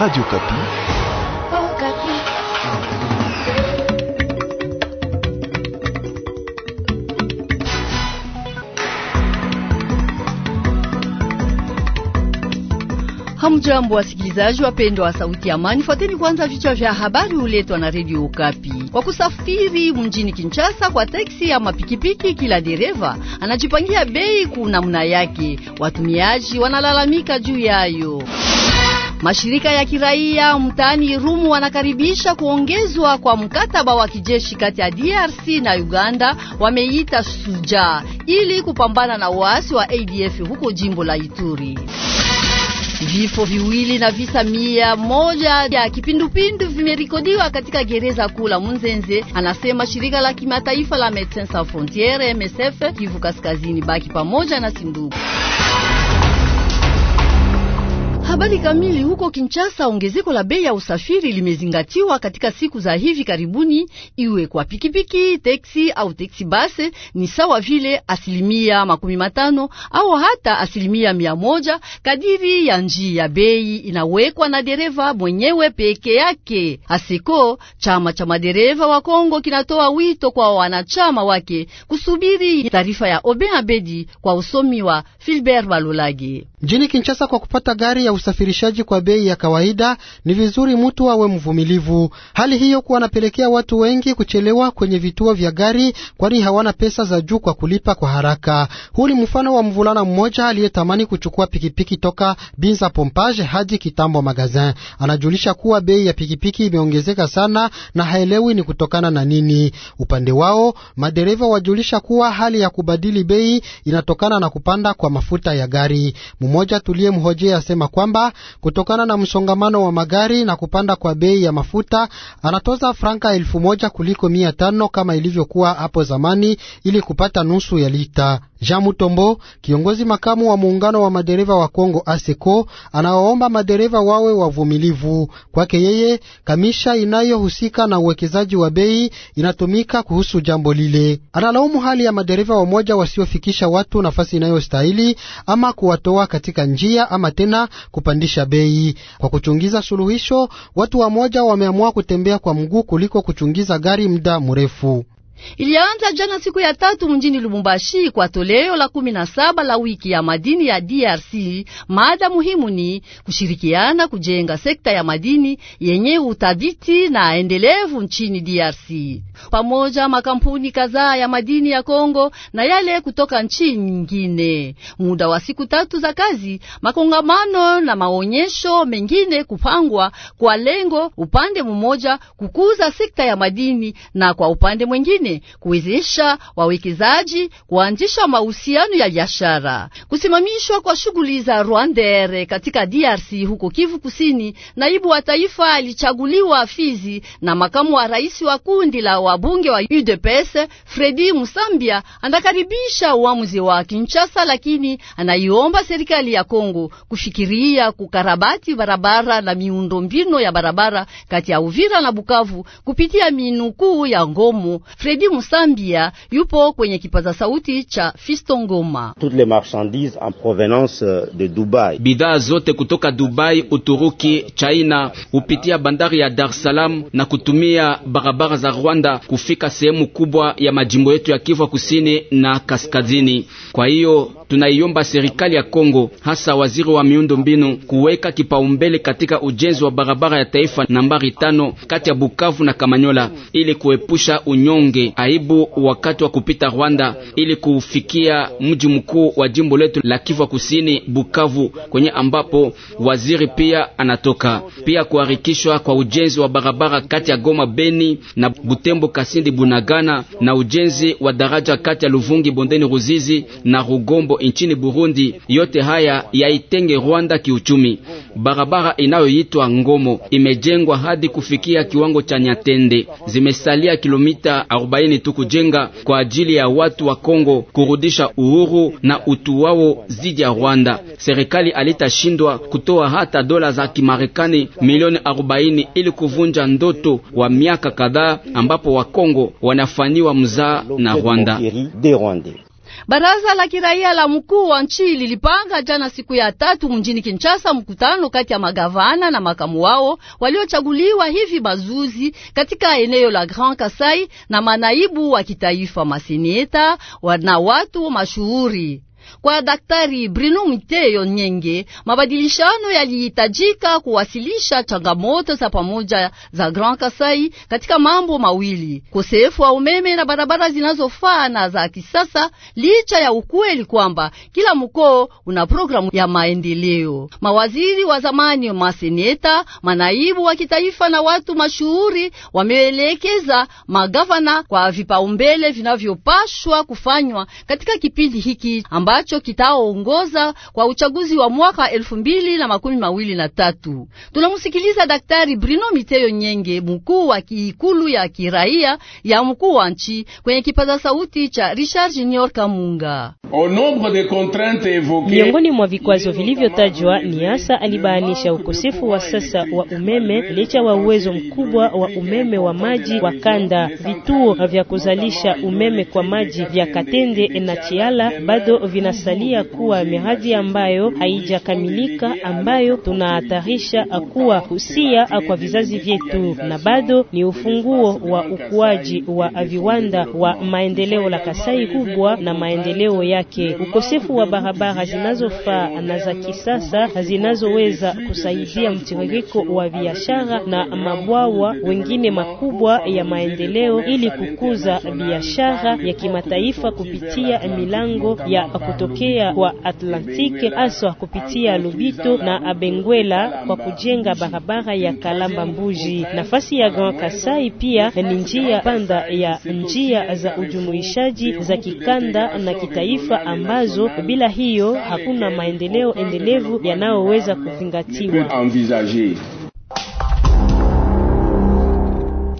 Radio Kapi. Oh, Kapi. Hamjambo wasikilizaji wapendwa wa Sauti ya Amani, fuateni kwanza vichwa vya habari huletwa na Radio ukapi Kwa kusafiri mjini Kinshasa kwa teksi ama pikipiki, kila dereva anajipangia bei kwa namna yake. Watumiaji wanalalamika juu yayo. Mashirika ya kiraia mtaani Irumu wanakaribisha kuongezwa kwa mkataba wa kijeshi kati ya DRC na Uganda, wameita Suja, ili kupambana na uasi wa ADF huko jimbo la Ituri. Vifo viwili na visa mia moja ya kipindupindu vimerikodiwa katika gereza kuu la Munzenze, anasema shirika la kimataifa la Medecins Sans Frontieres MSF Kivu Kaskazini. Baki pamoja na Sinduku habari kamili huko Kinshasa, ongezeko la bei ya usafiri limezingatiwa katika siku za hivi karibuni, iwe kwa pikipiki, teksi au teksi base ni sawa vile asilimia makumi matano au hata asilimia mia moja kadiri ya njia. Bei inawekwa na dereva mwenyewe peke yake. Aseko, chama cha madereva wa Kongo, kinatoa wito kwa wanachama wake kusubiri. Taarifa ya Obe Abedi kwa usomi wa Filbert Balolage. Mjini Kinshasa kwa kupata gari ya usafirishaji kwa bei ya kawaida, ni vizuri mtu awe mvumilivu. Hali hiyo kuwa anapelekea watu wengi kuchelewa kwenye vituo vya gari, kwani hawana pesa za juu kwa kulipa kwa haraka. Huu ni mfano wa mvulana mmoja aliyetamani kuchukua pikipiki toka Binza Pompage hadi Kitambo Magazin. Anajulisha kuwa bei ya pikipiki imeongezeka sana na haelewi ni kutokana na nini. Upande wao madereva wajulisha kuwa hali ya kubadili bei inatokana na kupanda kwa mafuta ya gari. Mmoja tuliyemhojea asema kwamba kwamba kutokana na msongamano wa magari na kupanda kwa bei ya mafuta anatoza franka elfu moja kuliko mia tano kama ilivyokuwa hapo zamani ili kupata nusu ya lita. Jean Mutombo, kiongozi makamu wa muungano wa madereva wa Kongo ASECO, anawaomba madereva wawe wavumilivu. Kwake yeye, kamisha inayohusika na uwekezaji wa bei inatumika kuhusu jambo lile. Analaumu hali ya madereva wamoja wasiofikisha watu nafasi inayostahili ama kuwatoa katika njia ama tena kupandisha bei. Kwa kuchungiza suluhisho, watu wamoja wameamua kutembea kwa mguu kuliko kuchungiza gari muda mrefu. Ilianza jana siku ya tatu mjini Lubumbashi kwa toleo la kumi na saba la wiki ya madini ya DRC. Mada muhimu ni kushirikiana kujenga sekta ya madini yenye uthabiti na endelevu nchini DRC pamoja makampuni kadhaa ya madini ya Kongo na yale kutoka nchi nyingine. Muda wa siku tatu za kazi, makongamano na maonyesho mengine kupangwa kwa lengo upande mmoja kukuza sekta ya madini na kwa upande mwingine kuwezesha wawekezaji kuanzisha mahusiano ya biashara. Kusimamishwa kwa shughuli za Rwandere katika DRC huko Kivu Kusini, naibu wa taifa alichaguliwa Fizi na makamu wa rais wa kundi la wabunge wa UDPS Fredi Musambia anakaribisha uamuzi wa Kinshasa, lakini anaiomba serikali ya Kongo kufikiria kukarabati barabara na miundo mbino ya barabara kati ya Uvira na Bukavu kupitia minukuu ya Ngomo. Fredi Musambia yupo kwenye kipaza sauti cha Fisto Ngoma. Bidhaa zote kutoka Dubai, Uturuki, China hupitia bandari ya Dar es Salaam na kutumia barabara za Rwanda kufika sehemu kubwa ya majimbo yetu ya Kivu kusini na kaskazini. Kwa hiyo tunaiomba serikali ya Kongo, hasa waziri wa miundo mbinu, kuweka kipaumbele katika ujenzi wa barabara ya taifa nambari tano kati ya Bukavu na Kamanyola ili kuepusha unyonge, aibu wakati wa kupita Rwanda ili kufikia mji mkuu wa jimbo letu la Kivu kusini, Bukavu, kwenye ambapo waziri pia anatoka. Pia kuharikishwa kwa ujenzi wa barabara kati ya Goma Beni na Butembo Butembo, Kasindi, Bunagana na ujenzi wa daraja kati ya Luvungi bondeni Ruzizi na Rugombo nchini Burundi. Yote haya yaitenge Rwanda kiuchumi. Barabara inayoitwa Ngomo imejengwa hadi kufikia kiwango cha Nyatende. Zimesalia kilomita 40 tu kujenga kwa ajili ya watu wa Kongo kurudisha uhuru na utu wao zidi ya Rwanda. Serikali alitashindwa kutoa hata dola za Kimarekani milioni 40 ili kuvunja ndoto wa miaka kadhaa ambapo Wakongo wanafaniwa mzaa na Rwanda. Baraza la kiraia la mkuu wa nchi lilipanga jana siku ya tatu mjini Kinshasa mkutano kati ya magavana na makamu wao waliochaguliwa hivi mazuzi katika eneo la Grand Kasai na manaibu wa kitaifa, masineta na watu mashuhuri. Kwa Daktari Bruno Mteyo Nyenge, mabadilishano yalihitajika kuwasilisha changamoto za pamoja za Grand Kasai katika mambo mawili: kosefu wa umeme na barabara zinazofaa na za kisasa, licha ya ukweli kwamba kila mkoo una programu ya maendeleo. Mawaziri wa zamani, maseneta, manaibu wa kitaifa na watu mashuhuri wameelekeza magavana kwa vipaumbele vinavyopashwa kufanywa katika kipindi hiki amba ambacho kitaongoza kwa uchaguzi wa mwaka elfu mbili na makumi mawili na tatu. Tunamusikiliza Daktari Bruno Miteyo Nyenge, mkuu wa kiikulu ya kiraia ya mkuu wa nchi kwenye kipaza sauti cha Richard Junior Kamunga. Miongoni mwa vikwazo vilivyotajwa ni hasa, alibainisha ukosefu wa sasa wa umeme licha wa uwezo mkubwa wa umeme wa maji wa kanda. Vituo vya kuzalisha umeme kwa maji vya Katende na Chiala bado vina inasalia kuwa miradi ambayo haijakamilika, ambayo tunahatarisha kuwa husia kwa vizazi vyetu, na bado ni ufunguo wa ukuaji wa viwanda wa maendeleo la Kasai kubwa na maendeleo yake. Ukosefu wa barabara zinazofaa na za kisasa zinazoweza kusaidia mtiririko wa biashara na mabwawa wengine makubwa ya maendeleo ili kukuza biashara ya kimataifa kupitia milango ya kutokea kwa atlantike aswa kupitia lubito na Abengwela kwa kujenga barabara ya Kalamba Mbuji. Nafasi ya Grand Kasai pia ni njia panda ya njia za ujumuishaji za kikanda na kitaifa ambazo bila hiyo hakuna maendeleo endelevu yanayoweza kuzingatiwa.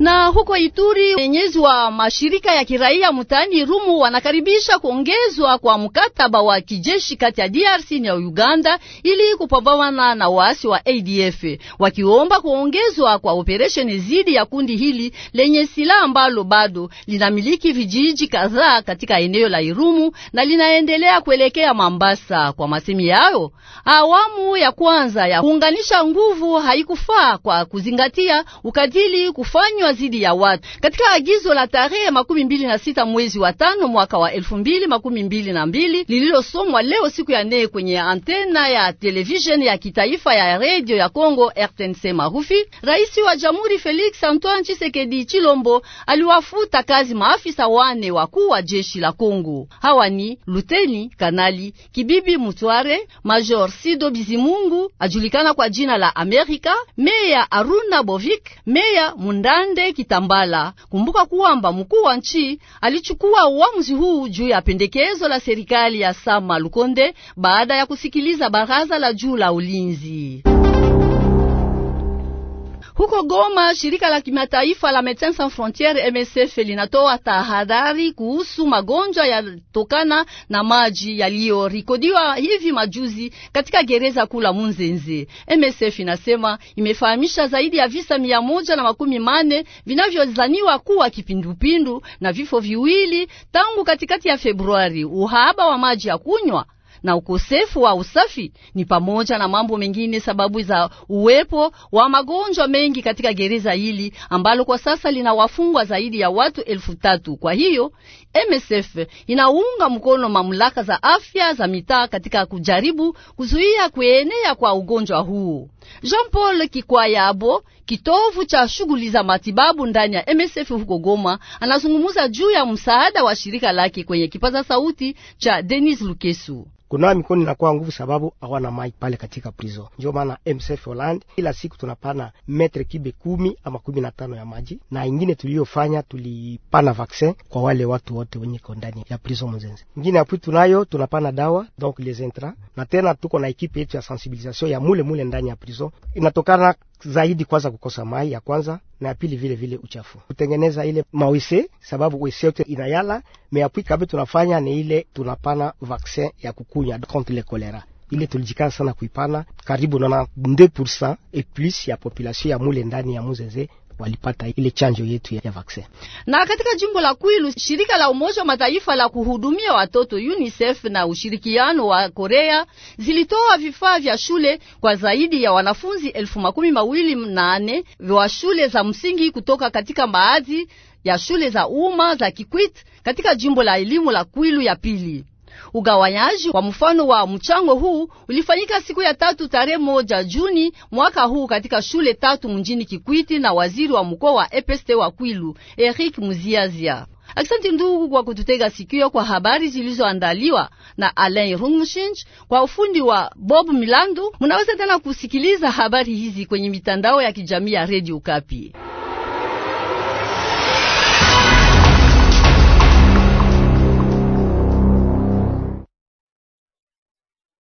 Na huko Ituri, wenyezi wa mashirika ya kiraia mtaani Rumu wanakaribisha kuongezwa kwa mkataba wa kijeshi kati ya DRC na Uganda ili kupambana na waasi wa ADF, wakiomba kuongezwa kwa operesheni zidi ya kundi hili lenye silaha ambalo bado linamiliki vijiji kadhaa katika eneo la Irumu na linaendelea kuelekea Mambasa. Kwa masemi yao, awamu ya kwanza ya kuunganisha nguvu haikufaa kwa kuzingatia ukatili kufanywa kunywa zidi ya watu. Katika agizo la tarehe makumi mbili na sita mwezi wa tano mwaka wa elfu mbili makumi mbili na mbili lililosomwa leo siku ya nne kwenye antena ya televisheni ya kitaifa ya redio ya congo RTNC marufi, Rais wa Jamhuri Felix Antoine chisekedi Chilombo aliwafuta kazi maafisa wane wakuu wa jeshi la congo Hawa ni Luteni Kanali Kibibi Mutware, Major Sido Bizimungu ajulikana kwa jina la Amerika, Meya Aruna Bovik, Meya Mundanda Mende Kitambala. Kumbuka kuwamba mkuu wa nchi alichukua uamuzi huu juu ya pendekezo la serikali ya Sama Lukonde baada ya kusikiliza baraza la juu la ulinzi. Huko Goma, shirika la kimataifa la Medecins Sans Frontieres MSF linatoa tahadhari kuhusu magonjwa yatokana na maji yaliyorikodiwa hivi majuzi katika gereza kuu la Munzenze. MSF inasema imefahamisha zaidi ya visa mia moja na makumi mane vinavyozaniwa kuwa kipindupindu na vifo viwili tangu katikati ya Februari. Uhaba wa maji ya kunywa na ukosefu wa usafi ni pamoja na mambo mengine sababu za uwepo wa magonjwa mengi katika gereza hili ambalo kwa sasa lina wafungwa zaidi ya watu elfu tatu. Kwa hiyo MSF inaunga mkono mamlaka za afya za mitaa katika kujaribu kuzuia kuenea kwa ugonjwa huu. Jean Paul Kikwayabo, kitovu cha shughuli za matibabu ndani ya MSF huko Goma, anazungumuza juu ya msaada wa shirika lake kwenye kipaza sauti cha Denis Lukesu kunawa mikono inakuwa nguvu, sababu hawana mai pale katika prizo. Ndio maana MSF Holland kila siku tunapana metre kibe kumi ama kumi na tano ya maji, na ingine tuliyofanya tulipana vaksin kwa wale watu wote wenye ko ndani ya prison mzenze Ingine yapui tunayo tunapana dawa donc les intra, na tena tuko na ekipe yetu ya sensibilisation ya mule mule ndani ya prizo inatokana zaidi kwanza kukosa mai ya kwanza na ya pili vile vile uchafu kutengeneza ile mawese, sababu wese yote inayala meapwi kabe. Tunafanya ni ile tunapana vaksin ya kukunya contre le cholera, ile tulijikana sana kuipana karibu nana 2% et plus ya population ya mule ndani ya Muzeze walipata ile chanjo yetu ya vaccine. Na katika jimbo la Kwilu, shirika la Umoja wa Mataifa la kuhudumia watoto UNICEF na ushirikiano wa Korea zilitoa vifaa vya shule kwa zaidi ya wanafunzi elfu makumi mawili nane wa shule za msingi kutoka katika baadhi ya shule za umma za Kikwit katika jimbo la elimu la Kwilu ya pili. Ugawanyaji kwa mfano wa mchango huu ulifanyika siku ya tatu tarehe moja Juni mwaka huu katika shule tatu mjini Kikwiti na waziri wa mkoa wa EPST wa Kwilu Eric Muziazia. Aksanti ndugu kwa kututega sikio kwa habari zilizoandaliwa na Alain Rungmushinj kwa ufundi wa Bob Milandu. Munaweza tena kusikiliza habari hizi kwenye mitandao ya kijamii ya Radio Kapi.